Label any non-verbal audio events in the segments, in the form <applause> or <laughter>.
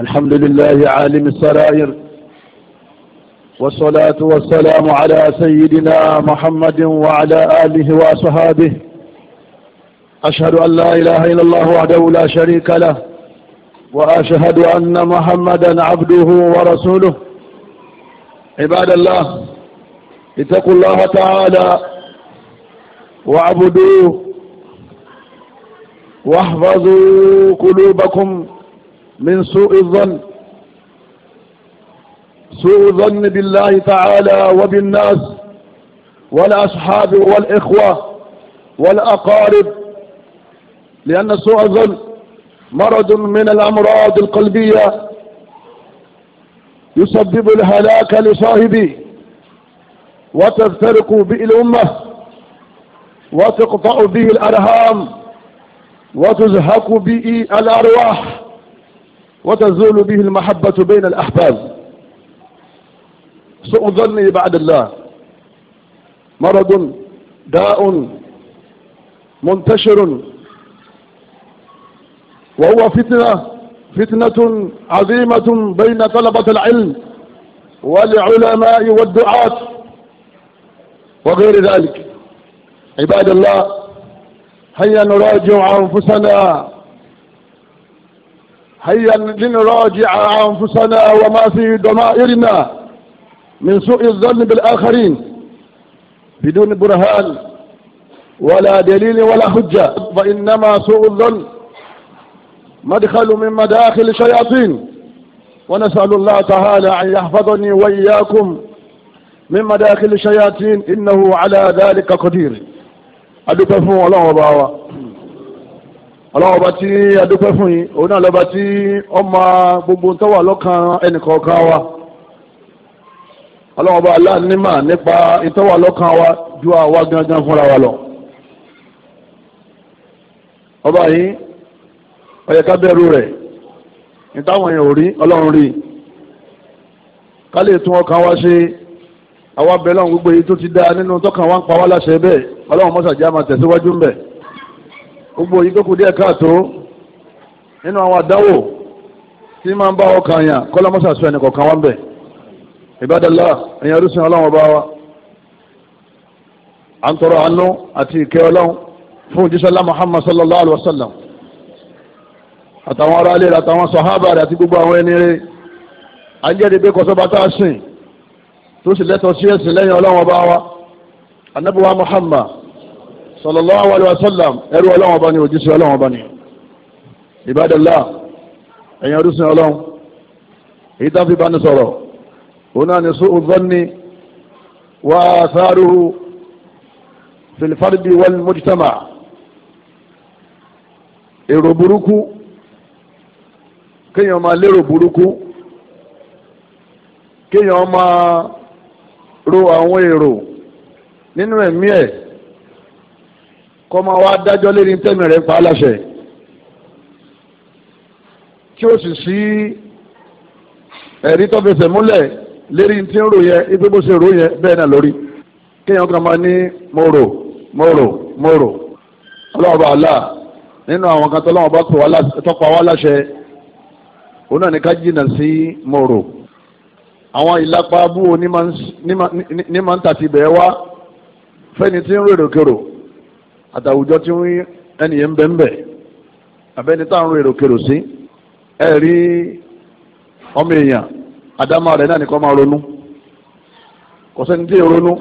الحمد لله عالم السرائر والصلاة والسلام على سيدنا محمد وعلى آله وصحابه أشهد أن لا إله إلا الله وحده لا شريك له وأشهد أن محمدا عبده ورسوله عباد الله اتقوا الله تعالى واعبدوه واحفظوا قلوبكم من سوء الظن سوء الظن بالله تعالى وبالناس والأصحاب والإخوة والأقارب لأن سوء الظن مرض من الأمراض القلبية يسبب الهلاك لصاحبه وتفترق به الأمة وتقطع به الأرهام وتزهق به الأرواح وتزول به المحبة بين الأحباب سوء ظني بعد الله مرض داء منتشر وهو فتنة فتنة عظيمة بين طلبة العلم والعلماء والدعاة وغير ذلك عباد الله هيا نراجع أنفسنا هيا لنراجع أنفسنا وما في ضمائرنا من سوء الظن بالآخرين بدون برهان ولا دليل ولا حجة فإنما سوء الظن مدخل من مداخل الشياطين ونسأل الله تعالى أن يحفظني وإياكم من مداخل الشياطين إنه على ذلك قدير أدوك الله وبعوة ọlọ́wọ́ ọba tí adúpẹ́ fún yín òun náà lọ́ba tí ọmọ gbogbo ń tọ́wà lọ́kàn ẹnìkọ̀ọ̀kan wa ọlọ́wọ́ ọba aláànímà nípa ìtọ́wà lọ́kàn wa ju àwa gangan fúnra wa lọ. ọba yìí ó yẹ ká bẹ̀rù rẹ̀ nítawọn èèyàn ò rí ọlọ́run rí ká lè tún ọkàn wa ṣe àwa bẹ̀rẹ̀ ọ̀hún gbogbo èyí tó ti dáa nínú tọ́kàn wa ń pa wá láṣẹ bẹ́ẹ̀ ọlọ́run mọ́sàájá máa tẹ̀síwájú ń gbogbo yìí tó kù díẹ̀ káàtó nínú àwọn àdánwò tí máa ń bá ọkàn yàn kọ́lámọ́sà sọ ẹnì kọ̀ọ̀kan wá ń bẹ̀ ìbádọ́lá ẹ̀yìn arúsùn ọlọ́run ọba wa à ń tọrọ àánú àti ìkẹ́ ọlọ́run fún jísọ́lá muhammad sallallahu alayhi wa sallam àtàwọn aráalé rẹ̀ àtàwọn sọ̀hábà rẹ̀ àti gbogbo àwọn ẹni rẹ̀ ajẹ́rìí pé kọ́sọ́ba tá a sìn tó sì lẹ́tọ̀ọ́ sí ẹ̀sìn lẹ́yìn ọlọ́run ọba wa anábíwá muhammad sallallahu alaihi wasallam ẹrú ọlọ́wọ́n bá ní òjíṣẹ́ ọlọ́wọ́n bá ní ìbádẹ́lá ẹ̀yìn ọdúnṣin ọlọ́run èyí tá fi bá ní sọ̀rọ̀ òun náà ní sóò zọ́ni wà á sáárù fìlìfàdì wal mujtama èrò burúkú kéèyàn máa lérò burúkú kéèyàn máa ro àwọn èrò nínú ẹ̀mí ẹ̀ kọ́ máa wá dájọ́ lérí tẹ́mi rẹ̀ pa á láṣẹ tí ó sì sí ẹ̀rí tó fẹsẹ̀ múlẹ̀ lérí tí ń rò yẹ ibi bó ṣe rò yẹ bẹ́ẹ̀ náà lórí kéèyàn kan máa ní mo rò mo rò mo rò ọlọ́ọ̀bà àlà nínú àwọn kan tọ́lọ́wọ́n bá tọ́pa wá láṣẹ òun náà ní ká jìnnà sí mo àwọn ìlápá abúwo ní máa ń tàtibẹ̀ wá fẹ́ni tí ń rò èrò kérò àtàwùjọ tí wọ́n ẹnìyẹn ń bẹ́ ń bẹ̀ abẹ́ni táwọn èròkèrò sí ẹ rí ọmọ èèyàn àdámà rẹ̀ náà nìkan máa ronú kò sẹ́ni tí ì ronú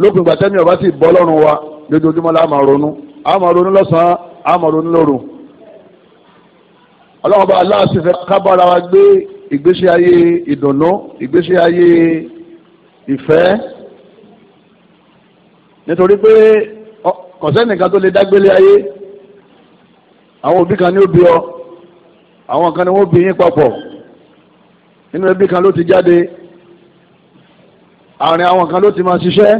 lópin ìgbà tẹ́mi ọba sì bọ́ lọ́rùn wa lójoojúmọ́ la máa ronú a máa ronú lọ́sàn-án a máa ronú lóru ọlọ́run bá aláàsìfẹ́ kábàárà wa gbé ìgbésí ayé ìdùnnú ìgbésí ayé ìfẹ́ nítorí pé kọ̀sẹ́nìkan tó lè dágbélé ayé àwọn òbí kan ní ó ọ àwọn kan ni wọ́n bí yín papọ̀ nínú ẹbí kan ló ti jáde àárín àwọn kan ló ti máa ṣiṣẹ́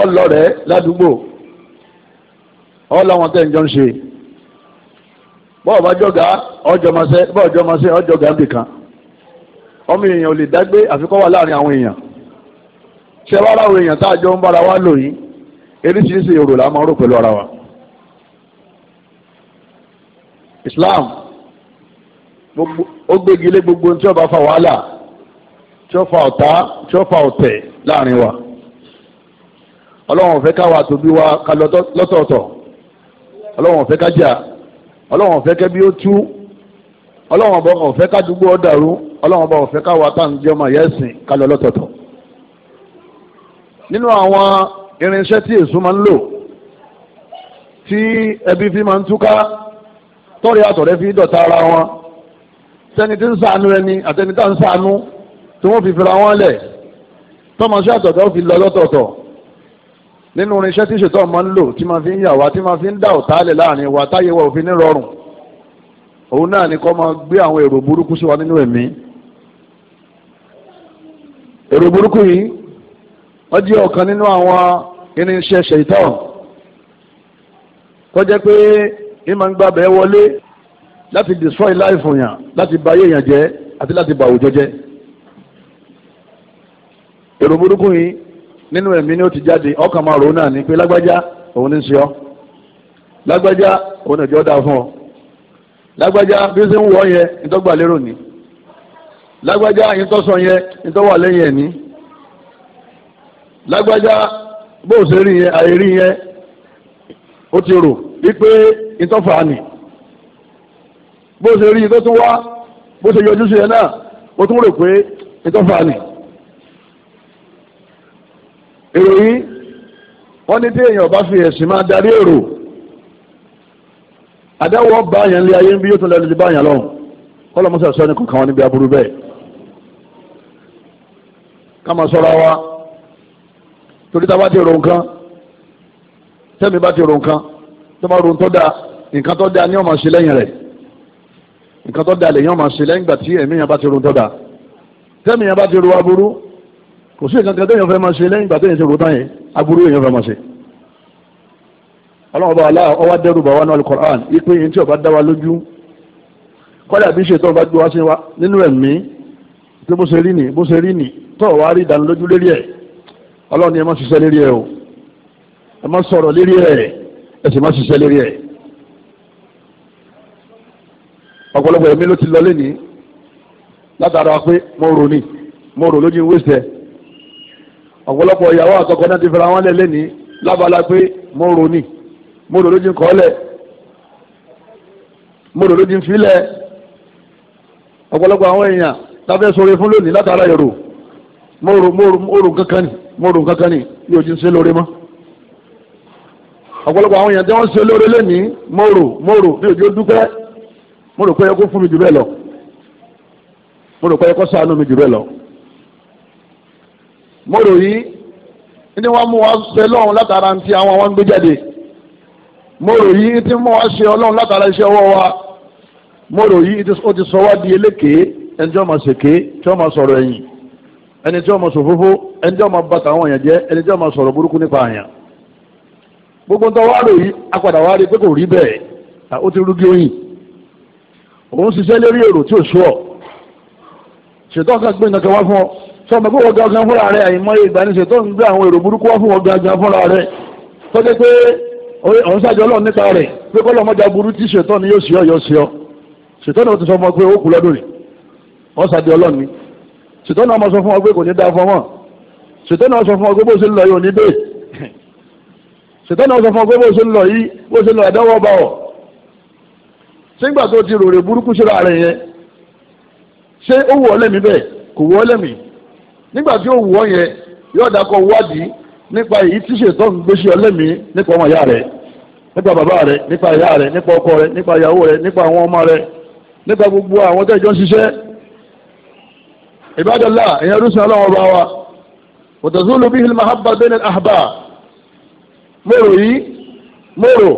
ọlọ́rẹ̀ ládùúgbò ọlọ́wọ́n tẹ̀ ń jọ ń ṣe bọ́ọ̀ bá jọ̀gá ọjọ́mọṣẹ́ bọ́ọ̀ jọmọṣẹ́ ọjọ́gá bìkan ọmọ èèyàn ò lè dágbé àfikọ́ wà láàrin àwọn èèyàn ṣe wá láwọn èèyàn tá a jọ ń bára wa lò yìí eríṣiríṣi èrò la máa ń rò pẹ̀lú ara wa. Islam ó gbégi gbogbo tí ó bá fa wàhálà tí ó fa ọ̀tá tí fa ọ̀tẹ̀ láàrin wa ọlọ́run fẹ́ ká wa tóbi wa ká lọ́tọ̀ọ̀tọ̀ Ọlọ́wọ̀n fẹ́ ká jà fẹ́ kẹ́ bí nínú àwọn irinṣẹ́ tí èso máa ń lò tí ẹbí fi máa ń túká tọ́rẹ àtọ̀rẹ́ fi dọ̀tá ara wọn sẹ́ni tí ń sànú ẹni àtẹni tá ń sànú tí wọ́n fi fira wọn lẹ̀ tọ́mọṣẹ́ àtọ̀tọ̀ fi lọ lọ́tọ̀ọ̀tọ̀ nínú irinṣẹ́ tí ṣètò máa ń lò tí máa fi ń yà wá tí máa fi ń dá ọ̀tá lẹ̀ láàrin wa táyé wa òfin ní òun náà ni kó máa gbé àwọn èrò burúkú sí wa nínú ẹ̀mí èrò burúkú yìí wọ́n jẹ́ ọ̀kan nínú àwọn irinṣẹ́ ṣèitán tó jẹ́ pé ìmọ̀ wọlé láti destroy life yàn láti bà ayé yàn jẹ́ àti láti bà àwùjọ jẹ́ èrò burúkú yìí nínú ẹ̀mí ni ó ti jáde ọkàn máa ròó náà ni pé lágbájá òun ní í ṣe ọ́ lágbájá òun ìjọ dáa fún ọ lágbájá bí ó ṣe ń wọ̀ yẹn ìtọ́gbà lérò ní lágbájá ìtọ́sọ yẹn ìtọ́wà lẹ́yìn ẹ̀ ní. lágbájá bó o ṣe rí yẹn àìrí yẹn ó ti rò wípé ìtọ́fà ni bó o ṣe rí tó tún wá bó o ṣe yọjú sí yẹn náà ó tún rò pé ìtọ́fà ni èrò yìí wọ́n ní tí èèyàn bá fi ẹ̀sìn máa darí èrò àdáwọ̀ bá yẹn lé ayé ń bí yóò tún lẹ́nu ti bá yẹn lọ́hùn sọ́ni kọ̀ọ̀kan wọn torí tá a bá ti ro nǹkan tẹ́mi bá ti ro nǹkan tó bá ro nǹkan tó dáa nǹkan tó dáa ni yóò máa ṣe lẹ́yìn rẹ̀ nǹkan tó dáa lè yóò máa ṣe lẹ́yìn ìgbà tí ẹ̀mí yẹn bá ti ro nǹkan tó dáa tẹ́mi yẹn bá ti ro aburú kò sí nǹkan kan téèyàn fẹ́ máa ṣe lẹ́yìn ìgbà téèyàn ti ro tán yẹn aburú èèyàn fẹ́ máa ṣe. ọlọ́run bá wà láà ọwá dẹ́rù bá wà ní alukoran ipe yẹn tí ọba dá wa lójú kọ́lá ọlọ́run ni ẹ má ṣiṣẹ́ lérí ẹ o ẹ má sọ̀rọ̀ lérí ẹ ẹ sì má ṣiṣẹ́ lérí ẹ. ọ̀pọ̀lọpọ̀ ẹ̀mí ló ti lọ lẹ́nìí látara pé mo rò ní mo rò lójú wíṣẹ́ ọ̀pọ̀lọpọ̀ ìyàwó àtọkọ náà ti fẹ́ra wọn lẹ́ lẹ́nìí lábala pé mo rò ní mo rò lójú kọ́lẹ̀ mo rò lójú filẹ̀ ọ̀pọ̀lọpọ̀ àwọn èèyàn tàbí sọ̀rọ̀ fún lónìí látara èrò mo rò mo rò kankan ni mo rò kankan ni ní ojú ṣe lóore mọ́ ọ̀pọ̀lọpọ̀ àwọn èèyàn tí wọ́n ṣe lóore lẹ́nìí mo rò mo rò ní ojú dúpẹ́ mo rò pé ẹ kó fún mi jù bẹ́ẹ̀ lọ mo rò pé ẹ kó sànú mi jù bẹ́ẹ̀ lọ mo rò yìí ní wọ́n mú wa ṣe lọ́hùn látara ti àwọn wọn gbé jáde mo yìí tí mú wa ṣe ọlọ́hùn látara iṣẹ́ ọwọ́ wa mo yìí ó ti sọ wá di eléke ẹni tí wọ́n máa ṣèké tí wọ́n máa sọ̀rọ̀ ẹ̀yìn ẹni tí wọ́n máa sòfófó ẹni tí wọ́n máa bàtà àwọn èèyàn jẹ́ ẹni tí wọ́n máa sọ̀rọ̀ burúkú nípa àyàn gbogbo ń tọ́ wá rò yìí apàdà wá rí pé kò rí bẹ́ẹ̀ ó ti rúgí oyin òun ṣiṣẹ́ lérí èrò tí ò sú ṣètò ọ̀kan gbé nǹkan wá fún ọ sọ ma pé wọ́n gangan fúnra rẹ àyìnmọ́ye ìgbà ni ṣètò ń gbé àwọn èrò burúkú wá fún wọn gangan fúnra rẹ tọ́jú pé òun ṣàjọ ọlọ́run nípa rẹ̀ pé kọ́ lọ́mọdé burú tí ṣètò ni yóò ṣe ọ yóò ṣe ọ ṣètò ni ó ti sọ ọmọ pé ó kú lọ́dún rẹ̀ ọ̀ ṣàjọ ọlọ́run ni ṣètọ́nù ọmọ sọ fún ọ pé kò ní dá fọmọ ṣètọ́nù ọmọ sọ fún ọ pé bó ṣe ń lọ yìí ò ní dé ṣètọ́nù ọmọ sọ fún ọ pé bó ṣe ń lọ yìí bó ṣe ń lọ ẹ̀dánwó bá ọ. sígbà tó ti rò rè burúkú síra rẹ yẹn ṣé ó wù ọ lẹ́mìí bẹ́ẹ̀ kò wù ọ lẹ́mìí nígbà tí ó wù ọ yẹn yóò dákọ̀ wádìí nípa èyí tí ṣètọ́nù gbé ṣe ọ lẹ́mìí nípa ọmọ ìyá rẹ̀ nípa bàbá rẹ̀ nípa ìyá rẹ̀ nípa ọkọ rẹ̀ nípa ìyàwó rẹ̀ nípa àwọn ọmọ rẹ̀ nípa gbogbo àwọn tẹ́jọ́ ń ṣiṣẹ́ ìbádọ́lá ìyẹn rúṣin ọlọ́wọ́n bá wa mùtàzúlù bíi mahabba bẹ́ẹ̀ ní àhàbà mòrò yìí mòrò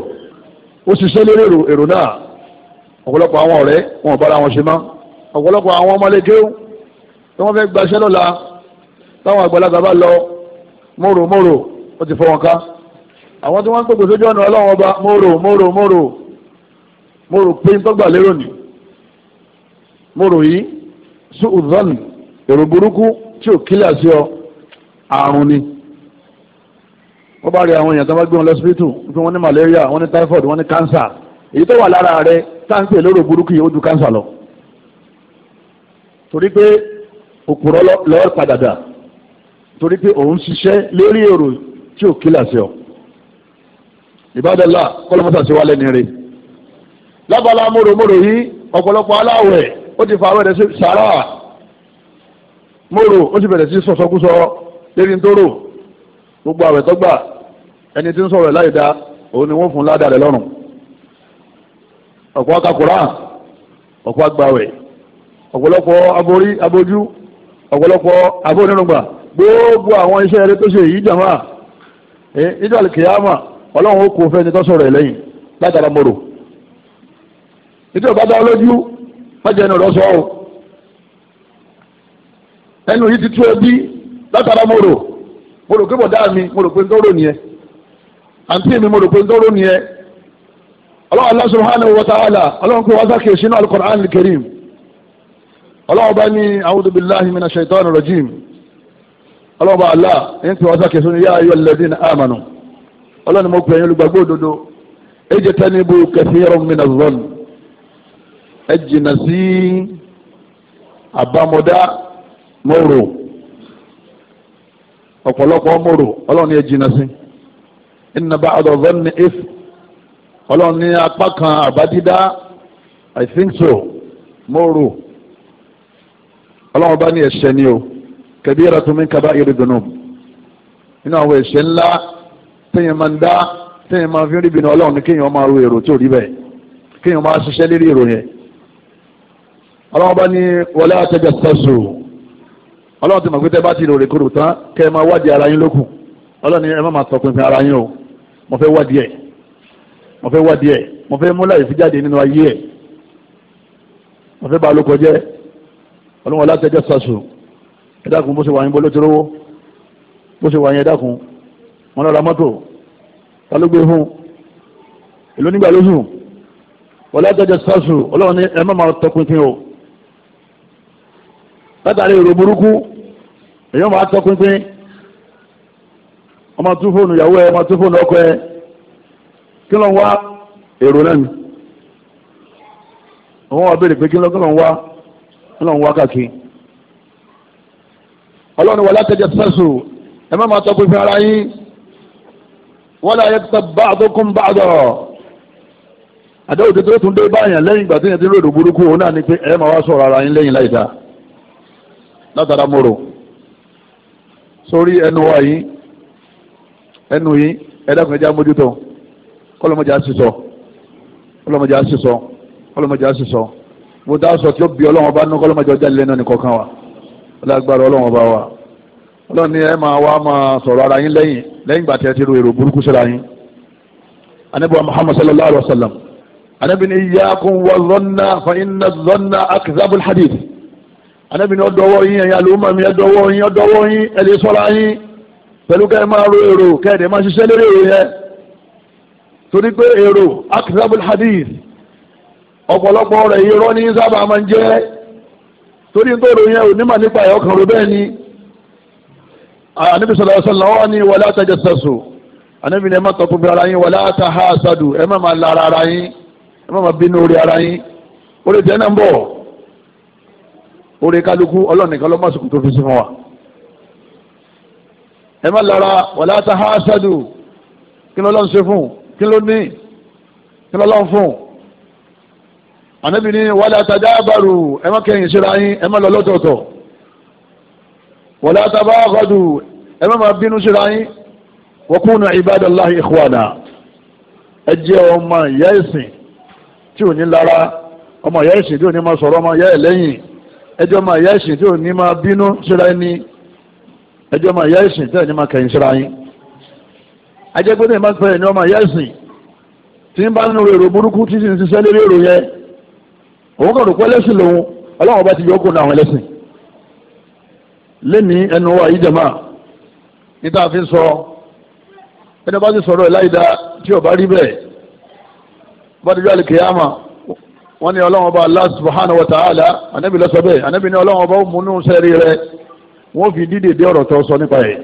ó ṣiṣẹ́ lórí èrò náà ọ̀pọ̀lọpọ̀ àwọn ọ̀rẹ́ wọn ò bára wọn ṣe mọ́ ọ̀pọ̀lọpọ̀ àwọn ọmọlẹ́gẹ́wò tí wọ́n fẹ́ gbaṣẹ́ lọ́la táwọn àgbàlagbà bá lọ mòrò mòrò ó ti fọ wọn ká àwọn tí wọ́n ń pèpè sójú ọ̀nà ọlọ́wọ́n ọba mòrò mòrò mòrò mòrò pé ń tọ́gbà lérò nì mòrò yìí sùn ùdọ́nù èrò burúkú tí ò kílẹ̀ sí ọ àrùn ni wọ́n bá rí àwọn èèyàn tó bá gbé wọn lọ́sibítù pé wọ́n ní malaria wọ́n ní typhoid wọ́n ní cancer èyí tó wà lára rẹ táǹpì lérò burúkú yìí ó ju cancer lọ torí pé òpùrọ́ lọ́ọ́ padà dà torí pé òun ṣiṣẹ́ lórí èrò tí ò kílẹ̀ sí ọ ìbádọ́lá kọ́lọ́mọ́sà sí wa lẹ́ni rẹ̀ lábala mòròmòrò yìí ọ̀pọ̀lọpọ̀ aláwẹ̀ ó ti fa àwẹ̀ rẹ̀ sí sàrà móró ó sì bẹ̀rẹ̀ sí sọ̀sọ́kúsọ lérí tó rò gbogbo àwẹ̀ tó gbà ẹni tí ń sọ̀rọ̀ láì da òun ni wọ́n fún ládàá rẹ̀ lọ́rùn ọ̀pọ̀ aka Qur'an ọ̀pọ̀ agbáwẹ̀ ọ̀pọ̀lọpọ̀ aborí abojú ọ̀pọ̀lọpọ̀ abónírùngbà gbogbo àwọn iṣẹ́ eré tó ṣe yìí jàmá níjọ́ kìyàmà ọlọ́run ó kó fẹ́ni tó sọ̀rọ̀ ẹ̀lẹ́yìn látara mòrò nítorí bá ẹnu yìí ti tú ẹbí látara mo rò mo rò pé bọ̀dá mi mo rò pé ń tọ́rọ̀ nìyẹn àǹtí mi mo rò pé ń tọ́rọ̀ nìyẹn ọlọ́run Allah subhanahu wa ta'ala ọlọ́run kò wá sákè sínú al-Qur'an al-Karim ọlọ́run bá ní a'udhu billahi minash shaitanir rajim ọlọ́run bá Allah ẹ̀yìn tí wá sákè sínú ya ayyuhal ladhina amanu ọlọ́run mo pè moro ọ̀pọ̀lọpọ̀ moro ọlọ́run ní ẹ jìnnà sí inna ba'da dhanni if ọlọ́run ní apá kan àbádídá i think so moro ọlọ́run bá ní ẹ̀ṣẹ̀ ni o kabiratu min kaba'iri dhunub nínú àwọn ẹ̀ṣẹ̀ ńlá téèyàn máa ń dá téèyàn máa fi ń rí bínú ọlọ́run ní kéèyàn máa ro èrò tó rí bẹ́ẹ̀ kéèyàn máa ṣiṣẹ́ lérí èrò yẹn ọlọ́run bá ní wala tajassasu. ọlọ́run ti mọ̀ pé tẹ́ bá ti rò rèkòrò tán kẹ́ ẹ máa wádìí ara yín lókun ọlọ́run ni ẹ má máa tọpinpin ara yín o mo fẹ́ wádìí ẹ̀ mo fẹ́ wádìí ẹ̀ mo fẹ́ múlá ìfijáde nínú ayé ẹ̀ mo fẹ́ bá a lóko jẹ́ ọlọ́run ọlátẹ́jọ́ sàṣù ẹ dákun bó ṣe wà yín bó ló ti rówó bó ṣe wà yín ẹ dákun wọn lọ ra mọ́tò ta ló gbé fún èló nígbà lóṣù ọlátẹ́jọ́ sàṣù ọlọ́run ni ẹ má máa látàrí èrò burúkú èyí wọn máa tọ́ pínpín ọmọ tún fóònù ìyàwó ẹ ọmọ tún fóònù ọkọ ẹ kí ló ń wá èrò náà ni àwọn wa béèrè pé kí ló ń wá kí ló ń wá káàkiri ọlọ́run wà látẹ̀jẹ̀ sẹ́sù ẹ má máa tọ́ pínpín ara yín wọ́n lè ayẹ́tẹ́ bá àdókùn bá àdọ̀ àdéhùn tuntun tún dé báyàn lẹ́yìn ìgbà tí yẹn ti rò èrò burúkú òun náà ni pé ẹ máa wá sọ̀rọ̀ ara yín lẹ́yìn láì dáa látara mòrò sórí ẹnu wa yìí ẹnu yìí ẹ̀dàkùn ẹja mójútó kọlọmọdé àṣìṣọ kọlọmọdé àṣìṣọ kọlọmọdé àṣìṣọ mo dá sọ tí ó bí ọlọ́wọ́n bá nú kọlọmọdé ọjà lẹ́nu nìkọ̀ọ̀kan wa ọlọ́gbàrá ọlọ́wọ́n bá wa ọlọ́run ní ẹ máa wá máa sọ̀rọ̀ ara yín lẹ́yìn lẹ́yìn gbà tí ẹ ti ro èrò burúkú síra yín anabi wa muhammad sallallahu alaihi wa sallam anabi ni iyyakum wa dhanna fa inna dhanna akdhabul hadith anabi ni ọdọwọ yín ẹ̀yin àlùmọ mi ẹdọwọ yín ọdọwọ yín ẹ lè ṣọ́ra yín pẹ̀lú kẹ ẹ máa ro èrò kẹ ẹ dẹ máa ṣiṣẹ́ lórí èrò yẹn torí pé èrò akisabul hadith ọ̀pọ̀lọpọ̀ rẹ̀ irọ́ ní sábà máa ń jẹ́ torí nítorí yẹn ò nímọ̀ nípa ẹ̀ ọkàn rò bẹ́ẹ̀ ni anabi sọlá sọlá wà ní wàlá tajassasu anabi ni ẹ má tọkùn bí ara yín wàlá tahasadu ẹ má máa la ara yín ẹ má máa bínú orí ara yín orí tẹ́ náà ń bọ̀ oore kálukú ọlọ́run nìkan lọ́mọ́sùkú tó fi sí fún wa. ẹ má lára wàlá ta ha ṣáàdù kí ló lọ́n ṣe fún kí ló ní kí ló lọ́n fún. ànábì ní wàlá ta dábàrù ẹ má kẹ́yìn síra yín ẹ má lọ lọ́tọ̀ọ̀tọ̀ wàlá ta bá ọkọ̀dù ẹ má máa bínú síra yín wa kunu ibadallahi ikhwana ẹ jẹ́ ọmọ ìyá ẹ̀sìn tí ò ní lára ọmọ ìyá ẹ̀sìn tí ò ní máa sọ̀rọ̀ ọmọ ìyá ẹ̀ lẹ́yìn ẹjọ́ máa yá ìsìn tí ò ní máa bínú síra ẹni ẹjọ́ máa yá ìsìn tí ò ní máa kẹ̀yìn síra yín ajẹ́gbẹ́dẹ́ ìbá pẹ̀lẹ́ ni wọ́n máa yá ìsìn tí ń bá nínú èrò burúkú tí sì ń ṣiṣẹ́ lérí èrò yẹn òun kàn rò pé ẹlẹ́sìn lòun ọlọ́run ọba ti yọ ọkùnrin àwọn ẹlẹ́sìn lẹ́ni ẹnu wa yìí jẹ̀má níta fi sọ ẹni bá ti sọ̀rọ̀ ẹ̀ láì dá tí ò rí bẹ́ẹ̀ bá wọ́n ní ọlọ́run ọba Allah subhanahu wa ta'ala anabi ló sọ bẹ́ẹ̀ anabi ní ọlọ́run ọba òmùnú sẹ́rí rẹ wọ́n fi dídè dé ọ̀rọ̀ tó sọ nípa ẹ̀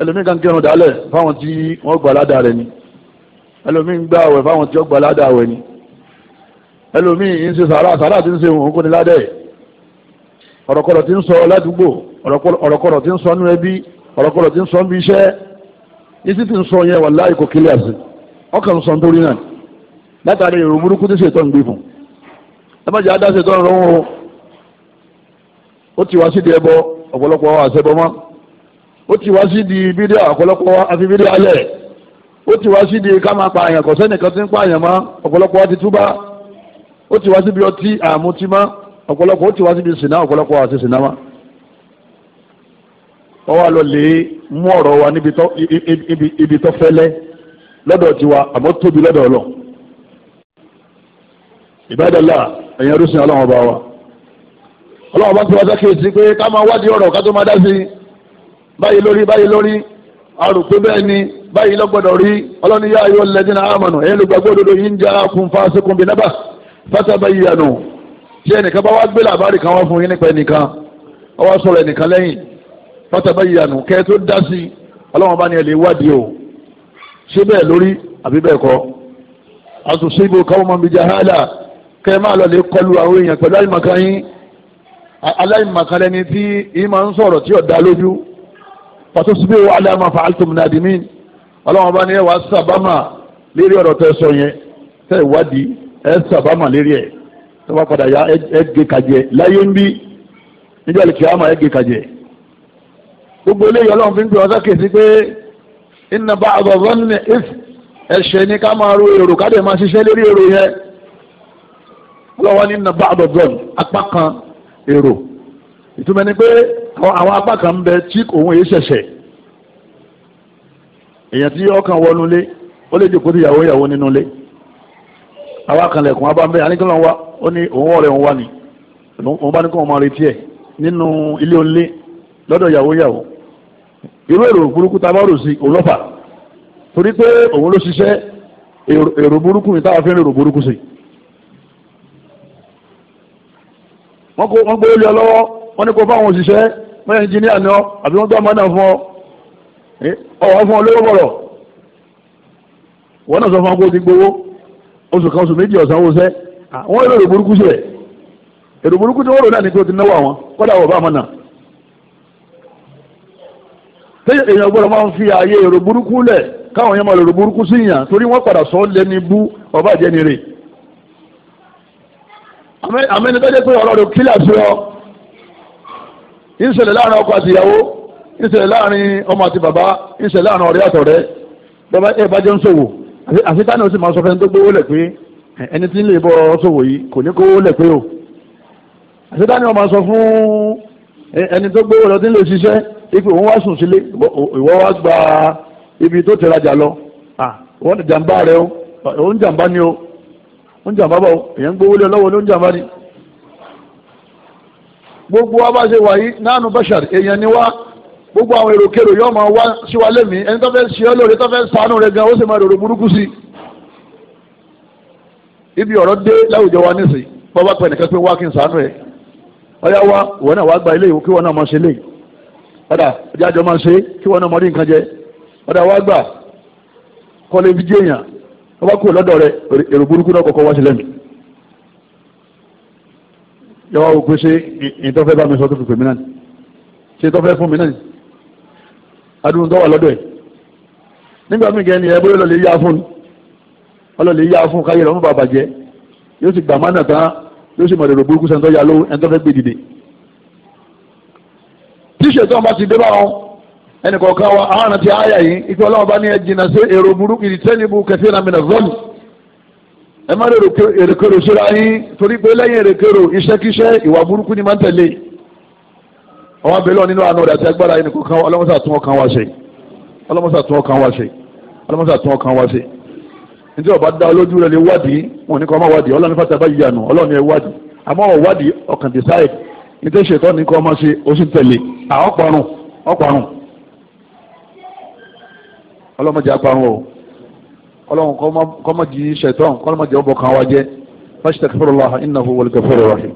ẹlòmíín kan kírun dálẹ̀ fáwọn tí wọ́n gbà ládàá rẹ ni ẹlòmíín gbà àwẹ̀ fáwọn tí wọ́n gbà ládàá àwẹ̀ ni ẹlòmíín ń ṣe sàrà sàrà tí ń ṣe òun kò ní ládàá ọ̀rọ̀kọ̀rọ̀ tí ń sọ ládùúgbò ọ̀rọ̀kọ̀rọ̀ tí ń sọ nú ẹbí ọ̀rọ̀kọ̀rọ̀ tí ń sọ níbi iṣẹ́ látàrí èrò burúkú tí ṣètò ń gbé fún ẹ má jẹ́ adá ṣètò ń rọ́wọ́ ó ti wá sídìí ẹbọ ọ̀pọ̀lọpọ̀ àṣẹbọ mọ́ ó ti wá sídìí bídíà ọ̀pọ̀lọpọ̀ àfi bídíà alẹ̀ ó ti wá sídìí ká máa pa àyàn kò sẹ́nìkan tí ń pa àyàn mọ́ ọ̀pọ̀lọpọ̀ ti túbá ó ti wá síbi ọtí àmutí mọ́ ọ̀pọ̀lọpọ̀ ó ti wá síbi sìnà ọ̀pọ̀lọpọ̀ àti sìnà mọ́ ọwọ́ àlọ́ lè mú ọ̀rọ̀ wa níbi tó fẹ́lẹ́ lọ́dọ̀ tiwa àmọ́ tóbi lọ́dọ̀ ọlọ́ọ̀ ìbádọ́lá ẹ̀yin ẹrúsìn ọlọ́run ọba wa ọlọ́run ọba tí wọ́n sákèsí pé ká máa wádìí ọ̀rọ̀ ká tó máa dá sí i báyìí lórí báyìí lórí arò pé bẹ́ẹ̀ ni báyìí lọ́gbọ̀dọ̀ rí ọlọ́ni yá ayọ́ lẹ́dínà àmọ̀nà ẹ̀yin olùgbàgbọ́ òdodo yìí ń jẹ́ akun fásikun bí nábà fásitì ìyànà tí ẹnìkan bá wá gbé làbárì kan wá fún yín nípa ẹnìkan ó wá sọ̀rọ̀ ẹnìkan lẹ́yìn fásitì ìyànà kẹ́ tó dá sí ọlọ́run ọba ni ẹ lè wádìí o ṣé bẹ́ẹ̀ lórí àbí bẹ́ẹ̀ kọ́ àtúnṣe ibò káwọn mọ̀ mi jahala kẹ́ ẹ máa lọ lè kọlu àwọn èèyàn pẹ̀lú àìmọ̀kan yín aláìmọ̀kan lẹni tí yín máa ń sọ̀rọ̀ tí ọ̀dà lójú pàtó síbí wo aláìmọ̀ fàáltùm nàdìmí ọlọ́wọ́n bá ní ẹ wá sábàmà lérí ọ̀rọ̀ tẹ sọ yẹn tẹ ìwádìí ẹ sábàmà lérí ẹ tó bá padà ya ẹ gé kàjẹ láyé ń bí níjọ́ lè kí á máa ẹ gé kàjẹ. gbogbo eléyìí ọlọ́run fi ń pè ọ́ sákèsí pé ìnàbà àgbọ̀gbọ́n ní ẹ̀ṣẹ̀ ni ká máa ro èrò ká ọlọ́wọ́ ní nàbà àdọ̀gọ́n apá kan èrò ìtumọ̀ ni pé àwọn apá kan ń bẹ tí òun èyí ṣẹ̀ṣẹ̀ èèyàn tí ọkàn wọnú lé ó lè jòkó tí ìyàwó ìyàwó nínú lé àwọn akànlẹ̀kùn abáńbẹ́ àníkànlọ́ wa ó ní òun ọ̀rẹ́ òun wà ní òun bá ní kó wọn máa retí ẹ̀ nínú ilé onílé lọ́dọ̀ ìyàwó ìyàwó irú èrò burúkú tá a bá rò sí òun lọ́fà torí pé òun ló ṣiṣẹ́ èrò burúkú ni táwa fi ń èrò burúkú sí wọ́n kó wọ́n gbé olè lọ́wọ́ wọ́n ní kó fáwọn òṣìṣẹ́ wọ́n yẹ ẹnjìníà ni ọ́ àbí wọ́n gbọ́ ọmọ náà fún ọ ọ̀wọ́ fún ọ lówó bọ̀rọ̀ wọ́n náà sọ fún ọ kó o ti gbowó oṣù kan oṣù méjì ọ̀sán owó sẹ́ wọ́n yóò rò burúkú sí rẹ̀ èrò burúkú tí wọ́n rò náà ni pé o ti náwó àwọn kọ́dà wọ̀ bá àmọ́ náà tẹ́yẹ èèyàn gbọ́dọ̀ máa ń fi ààyè èrò burúkú lẹ̀ káwọn yẹn máa lè rò burúkú sí yàn torí wọ́n padà sọ ọ́ lẹ́ni bú ọba àjẹni àmẹ́ni tó jẹ́ pé ọ̀rọ̀ rẹ̀ kílà sí ọ ìṣẹ̀lẹ̀ láàrin ọkọ àti ìyàwó ìṣẹ̀lẹ̀ láàrin ọmọ àti bàbá ìṣẹ̀lẹ̀ láàrin ọ̀rẹ́ àtọ̀rẹ́ bàbá ẹ bá jẹ́ ń ṣòwò àfi táwọn ò sì máa sọ fẹ́ni tó gbówó lẹ̀ pé ẹni tí ń lè bọ́ ṣòwò yìí kò ní kówó lẹ̀ pé o àfi táwọn ò máa sọ fún ẹni tó gbówó lọ tí ń lè ṣiṣẹ́ ipò òun wá sùn sílé ìwọ wá gba ibi tó tẹ̀rajà lọ òun jàǹbá rẹ o òun jàǹbá ni o oúnjẹ àbábọ̀ èèyàn gbówó lé ọlọ́wọ́ lóúnjẹ àbáni gbogbo wa bá ṣe wà yìí nánú bashar èèyàn ni wá gbogbo àwọn èròkèrò yóò máa wá sí wa lẹ́mìí ẹni tó fẹ́ ṣe ọ́ lóore tó fẹ́ sànú rẹ̀ gan ó sì máa rò burúkú sí i ibi ọ̀rọ̀ dé láwùjọ wa nísìnyí bọ́bá pẹ̀ nìkan pé wá kí n sànú ẹ̀ ọ̀yá wa ìwọ náà wàá gba ilé ìwò kí wọ́n náà máa ṣe lé ọ̀dà ìjà àjọ máa ṣe kí wọ́n náà mọ̀ ní nǹkan jẹ ọ̀dà wàá gbà kọ́lé fi jẹ́ èèyàn wọ́n bá kúrò lọ́dọ̀ rẹ èrò burúkú náà kọ̀ọ̀kan wá sí lẹ́nu yọwọ́ wò pé ṣé ìtọ́fẹ́ bá mi sọ tó fi pè mí náà ṣé ìtọ́fẹ́ fún mi náà adúlù tó wà lọ́dọ̀ ẹ̀ nígbà míì gẹ́ni ẹ bóyá ọlọ́lẹ̀ yá fún ọlọ́lẹ̀ yá fún káyé rẹ̀ ọmọ bàbà jẹ́ yóò sì gbà má nà tán yóò sì mọ̀ èrò burúkú sẹ́ńtọ́ yà lówó ẹ̀ńtọ́fẹ́ gbé dìde tíṣẹ̀ tó wọn bá ti dé báwọn ẹnì kọ̀ọ̀kan wa àwọn àti àyà yìí ikú ọlọ́run bá ní ẹ jìnnà sí èrò burúkú ìtẹ́nibù kẹfẹ́ náà mìíràn zọ́ọ̀lù ẹ má lè èrèkèrò síra yín torí pé lẹ́yìn èrèkèrò iṣẹ́kíṣẹ́ ìwà burúkú ni máa ń tẹ̀lé àwọn abẹ́lẹ́ nínú àánú rẹ̀ àti agbára ẹnì kọ̀ọ̀kan ọlọ́mọṣà tún ọkàn wa ṣe ọlọ́mọṣà tún ọkàn wa ṣe ọlọ́mọṣà tún ọkàn wa ṣe nítorí ọba dá olójú rẹ̀ lè wádìí wọn ní kọ́ ọmọ wádìí ọlọ́run fàtà bá yíyanu ọlọ́run ẹ wádìí àmọ́ wádìí ọkàn dìsáì nítorí ṣètọ́ ní kọ́ ọmọ ṣe ó tẹ̀lé àwọn ọ̀pọ̀ àrùn ọ̀pọ̀ àrùn ọlọ́mọdé apáwọn o ọlọ́run kọ́mọdé ṣẹ̀tàn kọ́mọdé ọbọ̀ kan wá jẹ́ fastaghfirullah innahu wal ghafurur rahim.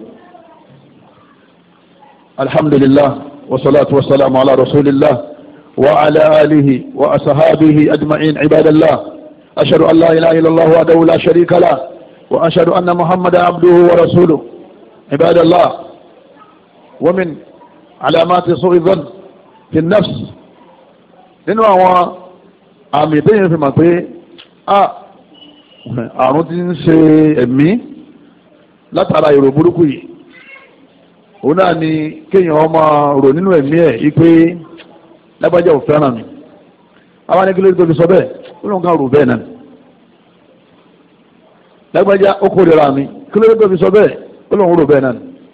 alhamdulillah wasalaatu wasalaamu ala rasulillah wa ala alihi wa asahabihi ajma'in ibadallah ashadu an la ilaha illallah wahdahu la sharika lah wa ashadu anna muhammadan abduhu wa rasuluhu ibadallah wa min alamati su'i dhann fi nafs nínú àwọn àmì ìdẹ́yìn fi mà pé àrùn ti ń ṣe ẹ̀mí látara èrò burúkú yìí òun náà ni kéèyàn ọmọ rò nínú ẹ̀mí ẹ̀ yìí pé lágbájá ò fẹ́ràn mi àwọn ẹni kí ló tó fi sọ bẹ́ẹ̀ ó lóun kan rò bẹ́ẹ̀ náà lágbájá ó kórìíra mi kí ló tó fi sọ bẹ́ẹ̀ ó lóun rò bẹ́ẹ̀ náà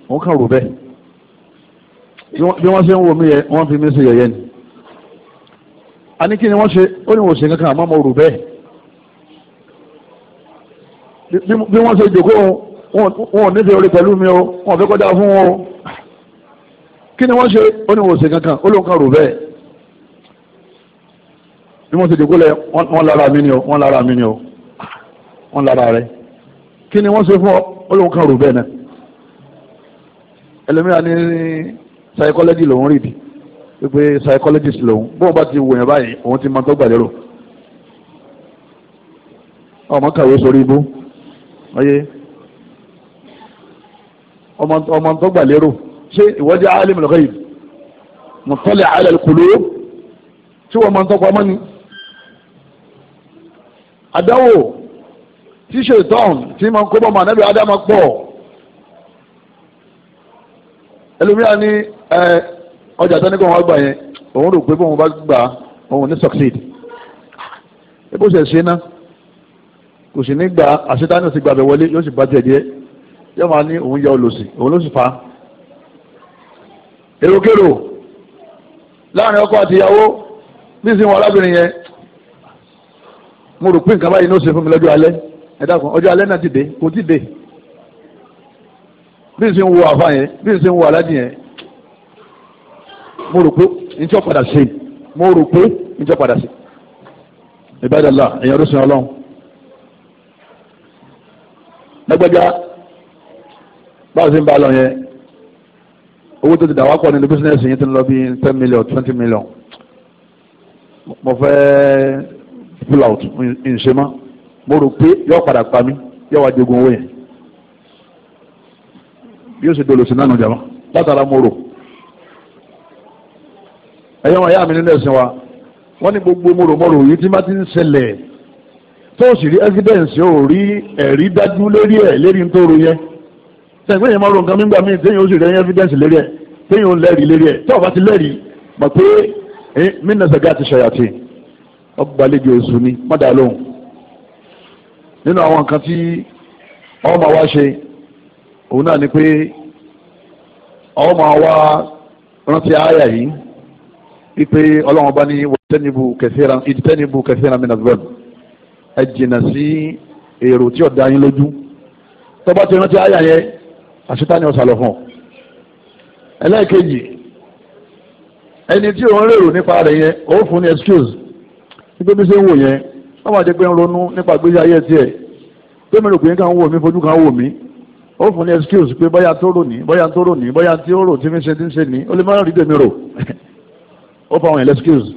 òun kan rò bẹ́ẹ̀ bí wọ́n ṣe ń wo mi yẹ wọ́n fi mí ṣe yẹ̀yẹ́ ni àní kí ni wọ́n ṣe ó ní wọ́n ṣe kankan àmọ́ mo rò bẹ́ẹ̀ bí wọ́n ṣe jòkó wọn ò nífẹ̀ẹ́ orí pẹ̀lú mi o wọn ò fẹ́ kọjá fún wọn o kí ni wọ́n ṣe ó ní wọ́n ṣe kankan ó ló ń kan rò bẹ́ẹ̀ bí wọ́n ṣe jòkó lẹ̀ wọ́n lára mi ni o wọ́n lára mi ni o wọ́n lára rẹ̀ kí ni wọ́n ṣe fún ọ ó ló ń kan rò bẹ́ẹ̀ náà ẹlòmíràn ní psychology lòún rìdì wípé psychologist lòun bóun bá ti wò yẹn báyìí òun ti mọ tó gbàlérò ọmọ kàwé sórí ibú ọyẹ ọmọ tó gbàlérò ṣé ìwọ́jẹ́ alim al-ghaib muttali' ala al-qulub tí wọ́n mọ tó pamọ́ ni àdáwò tí ṣètọ́n tí máa ń kó bọ́ mọ̀ ànábì ádámà pọ̀ ẹlòmíràn ni ẹ ọjà tó ní kó wọn gbà yẹn òun rò pé bóun bá gbà òun ní succeed ebó ṣe ṣe ná kò sì ní gba àṣetánù sì gbàgbẹ́ wọlé yóò sì bá tiẹ̀ díẹ̀ yóò máa ní òun ya olòṣì òun ló sì fa èròkèrò láàrin ọkọ àti ìyàwó bí sin wọn yẹn mo rò pé nǹkan báyìí ní ó ṣe fún mi lọ́jọ́ alẹ́ ẹ dákun ọjọ́ alẹ́ náà ti dé kò ti dé bí sin wo àfa yẹn bí sin wo aláàjì yẹn mo rò pé njẹ́ padà ṣe mo rò pé njẹ́ padà ṣe. ìbádàlá èèyàn ló sin ọlọ́run. lẹ́gbẹ̀já báwo ṣe ń bá a lọ yẹn owó tó ti dà wá pọ̀ nínú bísíǹnẹ́sì yẹn ti ń lọ bí ten million twenty million mo fẹ́ pull out ǹṣe mọ́ mo rò pé yóò padà pa mí yóò wá jogun owó yẹn bí ó ṣe dolo sí náà nù jàmọ́ látara mo rò ẹ̀yọ́ wọn yá mi nínú ẹ̀sìn wa wọ́n ní gbogbo mòròmòrò yìí tí má ti ń ṣẹlẹ̀ tó o sì rí evidence o rí ẹ̀rí dájú lérí ẹ̀ lérí ń tóoru yẹn sẹ́yìn yẹn máa ro nǹkan nígbà míì téyìn ó sì rí evidence lérí ẹ̀ téyìn ó lẹ́rìí lérí ẹ̀ tó o bá ti lẹ́rìí mọ̀ pé mínà sẹ́gá ti ṣàyàtì ọgbàlejò èṣù ni mọ́dà lóhùn nínú àwọn nǹkan tí ọmọ wa ṣe òun náà ni pé ọmọ wa rántí àyà yìí wípé ọlọ́run ọba ní wọ́tẹ́nibù kẹsíra ìdítẹ́nibù kẹsíra mìíràn bẹ́ẹ̀ ẹ jìnnà sí èrò tí ọ̀dà yín lójú tọ́ba ti rántí àyà yẹn àṣetá ni ọ̀sà lọ fún ọ. ẹlẹ́ẹ̀kejì ẹni tí òun rèrò nípa rẹ̀ yẹn ó fún ní excuse wípé bí ṣe ń wò yẹn wọ́n máa jẹ́ pé ń ronú nípa gbéṣẹ́ ayé tiẹ̀ pé mi rò pé nǹkan wò mí fojú kan wò mí ó fún ní excuse pé bóyá tó rò ní bóyá tó rò ní bóyá tí ó rò tí mi ṣe ti ń ṣe ní ó lè má rí tèmi rò <laughs> ó fa àwọn excuse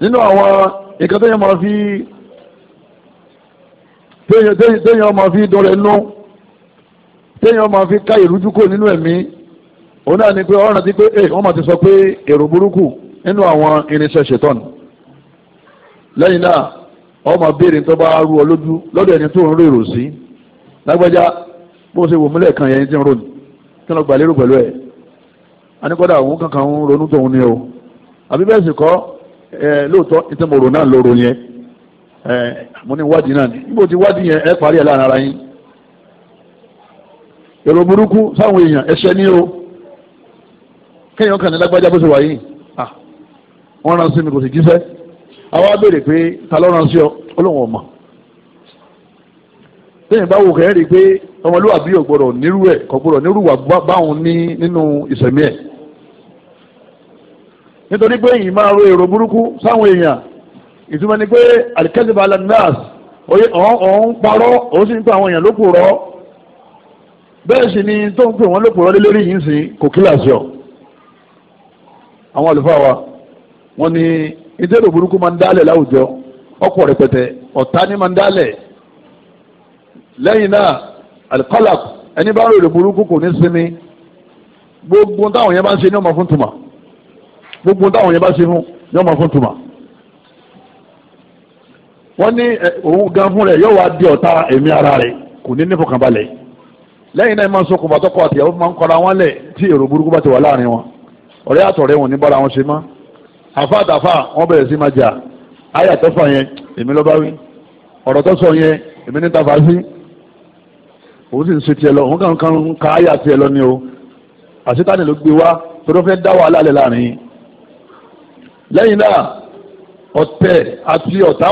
nínú àwọn nǹkan tó yẹ máa fi téèyàn máa fi dọrẹ nú téèyàn máa fi ká ìrújú kò nínú ẹ̀mí òun náà ni pé ọ̀ràn ti pé ẹ eh, wọ́n máa ti sọ pé èrò burúkú nínú àwọn irinṣẹ́ ṣetán lẹ́yìn náà wọ́n máa béèrè tó bá rú ọ lójú lọ́dọ̀ ẹni tó ń rí èrò sí lágbájá bó ṣe wò múlẹ̀ kan yẹn ti ń ròyìn kí wọ́n gbà lérò pẹ̀lú ẹ̀ anikọ́dà òun kankan ń ronú tóun ni o àbí bẹ́ẹ̀ sì kọ́ ẹ lóòótọ́ ìtẹ́ mo rò náà yẹn mo ní wádìí náà níbo ti wádìí yẹn ẹ parí ẹ láàrin ara yín èrò burúkú sáwọn èèyàn ní o kéèyàn kàn ní lágbájá bó ṣe wà yìí rán sí mi kò sì jíṣẹ́ àwa béèrè pé ta ló rán sí ọ nítorí pé yìí máa ro èrò burúkú sáwọn èèyàn ìtumọ̀ ni pé alikẹ́sìbà alanas ọ̀hún parọ́ òun sì ń pa àwọn èèyàn lóko rọ bẹ́ẹ̀ sì ni tó ń pè wọ́n lóko rọ lélẹ́rìí yìí sí kò kíláàsì ọ̀ àwọn àlùfáà wa wọ́n ní ìdérò burúkú máa ń dálẹ̀ láwùjọ ọ̀pọ̀ rẹpẹtẹ ọ̀tá ni máa ń dálẹ̀ lẹ́yìn náà alikọ́là ẹni bá rò èrò burúkú kò ní sinmi gbogbo táwọn yẹn bá ń ṣe ní ọmọ fún tùmọ̀ gbogbo táwọn yẹn bá ṣe fún yóò máa fún tuma wọ́n ní eh, òun gan fún rẹ̀ yóò wá di ọ̀tá ẹ̀mí ara rẹ̀ kò ní nífọ̀kànbalẹ̀ lẹ́yìn náà máa ń sọkùnbà tọkọ àtìyàwó máa ń kọra wọn lẹ̀ tí èrò burúkú bá ti wà láàrin wọn ọ̀rẹ́ àtọ̀rẹ́ wọn ní bára wọn ṣe mọ́ àfa àtàfà wọn bẹ̀rẹ̀ sí máa jà àyà tọ́fà yẹn èmi lọ́ba wí ọ̀rọ̀ tó yẹn èmi ní tàfà sí òun sì ń ṣe tiẹ̀ lọ òun kàn kàn ka àyà tiẹ̀ lọ ni o àṣetánì ló gbé wá tó dá wàhálà lẹ̀ láàrin yìí lẹ́yìn náà ọ̀tẹ̀ àti ọ̀tá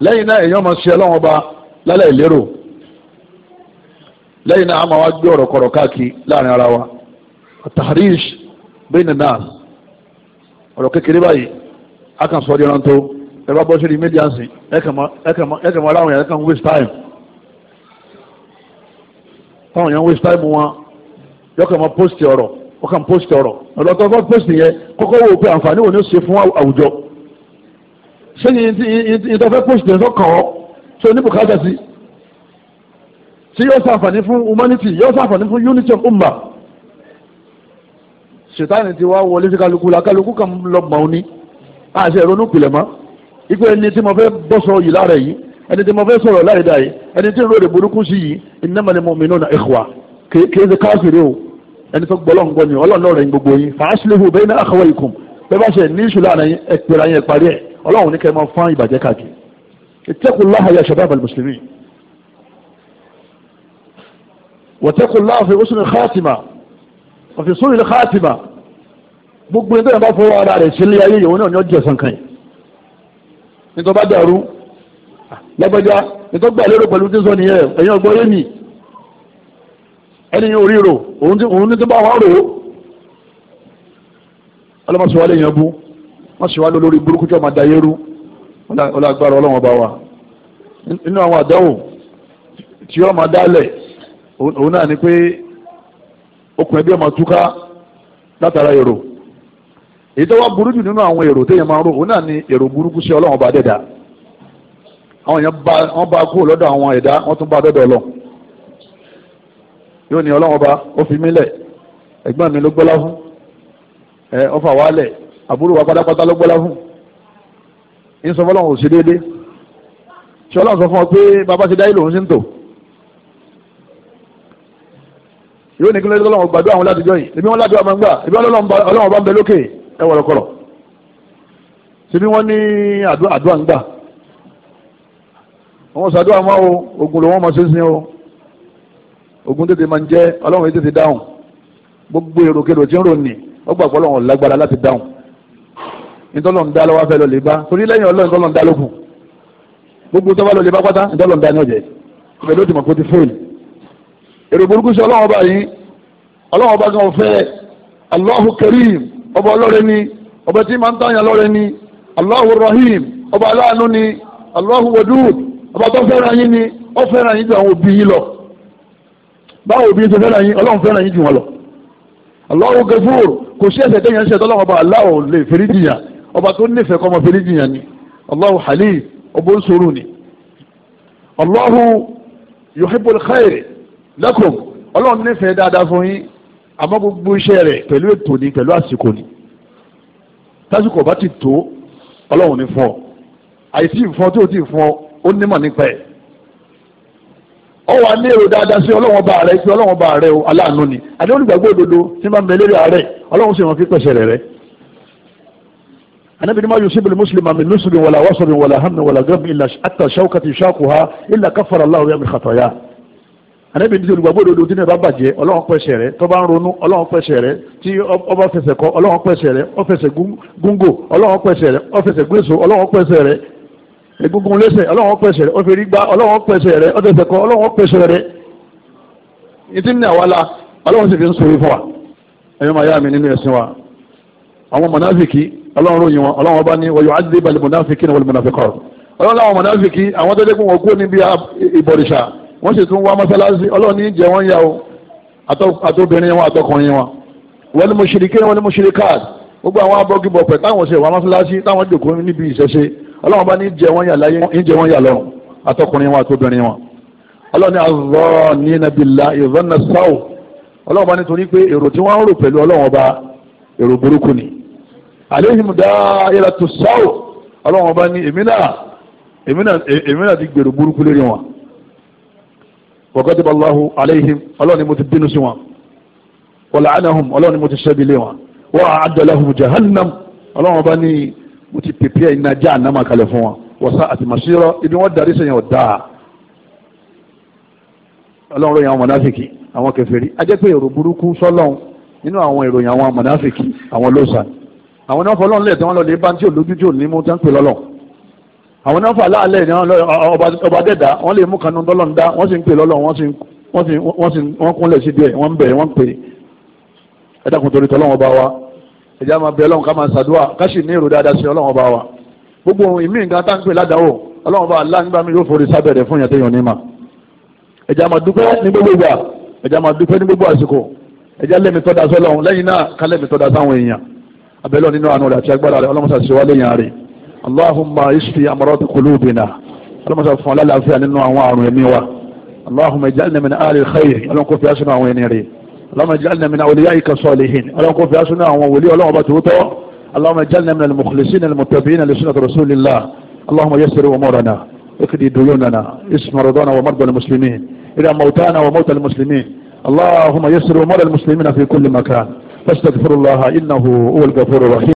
lẹ́yìn náà èèyàn máa ṣe ọlọ́wọ́n ba lálẹ́ ìlérò lẹ́yìn náà a máa wá gbé ọ̀rọ̀ kọ̀rọ̀ káàkiri láàrin ara wa tahrish bẹ́ẹ̀ nìyà ọ̀rọ̀ kékeré báyìí a kàn sọ ọ́ tó ẹ bá bọ́ sórí mídíà sí ẹ kàn ẹ kàn ó kàn post ọ̀rọ̀ ọ̀rọ̀ tó kọ́ post yẹn kọ́kọ́ wò pé àǹfààní wo ni ó ṣe fún àwùjọ ṣé yìí tó post yẹn tó kàn ọ́ tó ní bùkátà sí tí yóò ṣàǹfààní fún humanity yóò ṣàǹfààní fún unity of umma. ṣètánì ti wá wọlé sí kálukú la kálukú kan lọ mọ̀ ọ́ ní àṣẹ ìrònú pìlẹ̀ mọ́ ipe ẹni tí mo fẹ́ bọ́ sọ yìí lára yìí ẹni tí mo fẹ́ sọ̀rọ̀ láì dá yìí ẹni tí ń ròde burúkú sí yìí innamal mu'minuna ikhwa kì í ṣe káàkiri o ẹni tó gbọ́lọ́ ń gbọ́ ni ọlọ́run lọ́ọ̀rẹ́ gbogbo yín fàásùlùhù bẹ́ẹ̀ ní àkọwé ikùn bẹ́ẹ̀ bá ṣe ní ìṣù láàrin ẹ pèrè ayé parí ẹ ọlọ́run ní kẹ́ máa fán ìbàjẹ́ káàkiri ittaqullaha ya shabab al-muslimin wattaqullaha fi husnil khatima wa fi su'il khatima gbogbo ẹni tó yẹn bá fọwọ́ ara rẹ̀ sílé ẹni yóò rí rò òun ní tó bá wà rò ó ọlọ́mọṣẹ́wá lè yan bú wọ́n ṣe wá lórí burúkú tí wọ́n máa da yẹ́rú ọlọ́gbàrá ọlọ́wọ́n bá nínú àwọn àdánwò tí wọ́n máa dálẹ̀ òun náà ni pé okùn ẹbí ọmọ túká látara èrò èyí tó wá burú jù nínú àwọn èrò téèyàn máa ń rò òun náà yóò ní ọlọ́wọ́n ba ó fi mí lẹ̀ ẹ̀gbọ́n mi ló gbọ́lá fún ẹ ọfà wa lẹ̀ àbúrò wa pátápátá ló gbọ́lá fún ń sọ fọlọ́run ò sí déédéé ṣé ọlọ́run sọ fún ọ pé bàbá ti dáyé lòun sí ń tò yóò ní kí ló dé ọlọ́run gbàdúrà àwọn látijọ́ yìí ibi wọn ládùúgbò máa ń gbà ibi ọlọ́run bá ń bẹ lókè ẹ wọ̀rọ̀ kọ̀rọ̀ síbi wọn ní àdúrà ń gbà wọn sàdúrà máa o ògùn lòun ọmọ sínsìn o ogun tètè máa ń jẹ́ ọlọ́run tètè dáhùn gbogbo èrò kèrò tí ń rò ní wọ́n gbà pé ọlọ́run lágbára láti dáhùn ìtọ́lọ́run dá lọ́wọ́ fẹ́ lọ lè bá torí lẹ́yìn ọlọ́run ìtọ́lọ́run dá lókun gbogbo tọ́ba lọ lè bá pátá ìtọ́lọ́run dá ní ọ̀jẹ̀ ìbẹ̀lẹ́ ó ti mọ̀ pé ó ti fóònù èrò burúkú sí ọlọ́run ọba yìí ọlọ́run ọba gan fẹ́ Allahu Karim ọba ọlọ́rẹ́ ni ọba tí máa ń tàyàn lọ́rẹ́ ni Allahu Rahim ọba aláàánú ni Allahu Wadud ọba tó fẹ́ràn yín ni ó fẹ́ràn yín ju àwọn òbí yín lọ báwo obìnrin ṣe fẹ́ràn yín ọlọ́run fẹ́ràn yín jù wọn lọ Allahu Ghafur kò sí ẹ̀ṣẹ̀ téèyàn ṣe tọ́lọ́wọ́ ọba Allah ò lè fèrè jìyàn ọba tó nífẹ̀ẹ́ kọ́ ọmọ fèrè jìyàn ni Allahu Halim ọba ń sọ̀rọ̀ ni Allahu yuhibbul khair lakum ọlọ́run nífẹ̀ẹ́ dáadáa fún yín àmọ́ gbogbo iṣẹ́ rẹ̀ pẹ̀lú ètò ni pẹ̀lú àsìkò ni tásìkò bá ti tó ọlọ́run ní fún àìsí ìfọ́ tí ò tí ó nímọ̀ nípa ẹ̀ ọ wà ní èrò dáadáa sí ọlọ́wọ́n bá rẹ sí ọlọ́wọ́n bá rẹ o aláàánú ni àti olùgbàgbọ́ òdodo tí máa ń bẹ lérí ààrẹ ọlọ́wọ́n sì wọn fi pẹ̀sẹ̀ rẹ̀ rẹ̀. anabi ni ma yusibu muslim min nusbin wala wasabin wala hamni wala gami illa ata shawkati shakuha illa kafara allahu ya min khataya. anabi ni olùgbàgbọ́ òdodo tí ní bá bàjẹ́ ọlọ́wọ́n pẹ̀sẹ̀ rẹ̀ tó bá ń ronú ọlọ́wọ́n pẹ̀sẹ̀ rẹ̀ tí ọba fẹsẹ̀ kọ ọlọ́wọ́n pẹ̀sẹ̀ rẹ̀ egungun lẹ́sẹ̀ ọlọ́run pẹ̀sẹ̀ rẹ̀ ọ̀fẹ́rí gbá ọlọ́run pẹ̀sẹ̀ rẹ̀ ọ̀dẹ̀sẹ̀ kọ́ ọlọ́run pẹ̀sẹ̀ rẹ̀ ní àwa la ọlọ́run sì fi ń sori fún wa ẹ̀yọ́ máa yá mi nínú ẹ̀sìn wa àwọn mọ̀náfìkì ọlọ́run ròyìn wọn ọlọ́run ọba ni wọ́n yọ adé balẹ̀ mọ̀náfìkì náà wọ́n mọ̀náfìkì ọ̀rọ̀ ọlọ́run láwọn mọ̀náfìkì àwọn tẹ́lẹ̀ kún wọn kú níbi ìbọ̀rìṣà wọ́n sì tún wá mọ́sálásí ọlọ́run ní jẹ́ wọ́n yá o àtọ́bìnrin wọn àtọkùnrin wọn wọ́n ní mo ṣe ọlọ́run bá ní jẹ wọ́n yà láyé ń jẹ wọ́n yà lọ́run atọkùnrin wọn àtobìnrin wọn ọlọ́run ní azọ́ ní nàbìlá ìzọ́nà sáwò ọlọ́run bá ní torí pé èrò tí wọ́n ń rò pẹ̀lú ọlọ́run ọba èrò burúkú ni àléhìm dá ayẹlẹ tó sáwò ọlọ́run ọba ní èmi náà èmi náà èmi náà ti gbèrò burúkú lórí wọn wọ́gọ́dìbọ̀ aláhu àléhìm ọlọ́run ni mo ti bínú sí wọn wọ́lá ànàhùn ọlọ́run ni mo ti ṣẹ́bi lé wọn wọ́n àdàlẹ́hùn jahannam ọlọ́run ọba ní mo ti pèpè iná já ànámà kalẹ̀ fún wọn wọ́sá àti màṣírọ́ ibi wọ́n darí sẹ́yìn ọ̀dà ọlọ́run ròyìn àwọn mọ̀náfìkì àwọn kèfèrí ajẹ́ pé èrò burúkú sọ́lọ́hún nínú àwọn ìròyìn àwọn mọ̀náfìkì àwọn lóòsàn àwọn náà fọlọ́run lẹ̀ tí wọ́n lọ lè bá tí olójú tí ò ní mú tán pè lọ́lọ́ àwọn náà fà láàlẹ̀ ni ọba dẹ́dà wọ́n lè mú kanú dọ́lọ́n dá wọ́n sì ń pè lọ́lọ́ wọ́n sì ń kúnlẹ̀ sí díẹ̀ wọ́n ń bẹ̀ wọ́n ń pè ẹ̀dàkùn torí tọ́lọ́wọ́n bá wa ẹ̀já máa bẹ ọlọ́run ká máa ṣàdúrà ká sì ní èrò dáadáa sí ọlọ́run ọba wa gbogbo ohun ìmí nǹkan tá ń pè ládàáwò ọlọ́run ọba aláǹ gbà mí yóò forí sábẹ̀rẹ̀ fún yàn téèyàn níma ẹ̀já máa dúpẹ́ ní gbogbo ìgbà ẹ̀já máa dúpẹ́ ní gbogbo àsìkò ẹ̀já lẹ́mi tọ́ da sọ́lọ́run lẹ́yìn náà ká lẹ́mi tọ́ da sáwọn èèyàn abẹ́lẹ́ nínú àánú rẹ̀ àti agbára rẹ̀ ọlọ́mọṣà ṣe wá lẹ́yìn àárẹ̀ allahumma isfi اللهم اجعلنا من أوليائك الصالحين اللهم كن في أسنا وولي الله بتوتو اللهم اجعلنا من المخلصين المتبعين لسنة رسول الله اللهم يسر أمورنا اقضي ديوننا اسم مرضانا ومرضى المسلمين إلى موتانا وموت المسلمين اللهم يسر أمور المسلمين في كل مكان فاستغفر الله إنه هو الغفور الرحيم